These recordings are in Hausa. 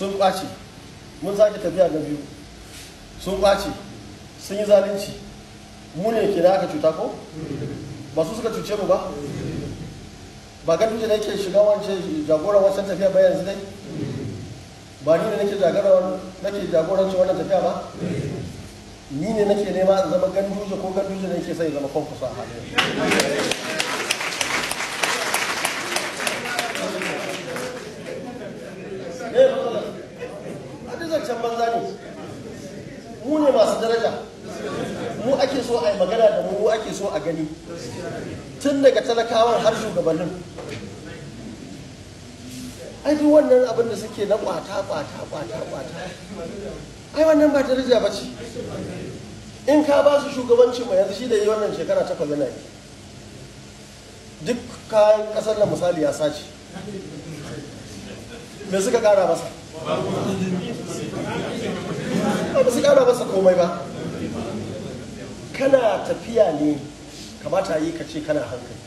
sun ƙwace mun sake tafiya ga biyu sun ƙwace sun yi zalunci mu ne ke da aka cuta ko ba su suka cuce mu ba ba ga da yake shiga wance jagora wancan tafiya ba yanzu dai ba ni ne nake jagoran nake jagorancin wannan tafiya ba ni ne nake nema in zama ganduje ko ganduje ne ke sai zama kwankwaso a halin eh, zancen banza ne mu ne masu daraja mu ake so a yi magana da mu ake so a gani tun daga talakawan har shugabannin ai duk wannan abin da suke na kwata kwata kwata kwata ai wannan ba daraja ba ce in ka ba su shugabanci mai yanzu shi da yi wannan shekara takwas yana yi duk kayan kasar da misali ya sace me suka kara masa ba su kara masa komai ba kana tafiya ne kamata yi ka ce kana hankali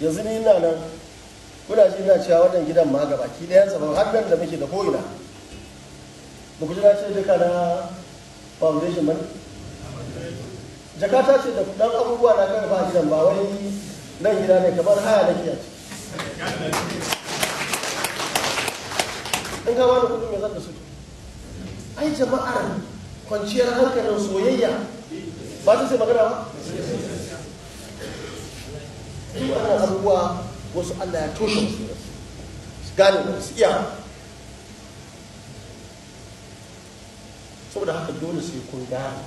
yanzu ni ina nan kuna ji ina cewa wannan gidan ma ki da ɗayansa ba har nan da muke da ko'ina ba ku ji na ce duka na foundation ba jakata ce da ɗan abubuwa na kan ba gidan ba wai nan gida ne kamar haya ke a ciki an ga a kudin me zan da su ai jama'ar kwanciyar hankalin soyayya ba su sai magana ba duk ana abubuwa wasu Allah ya toshe su gane da su iya saboda haka dole sai kun gane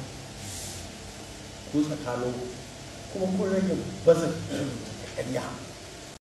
ku tsakanin kuma kun rage bazin ƙarya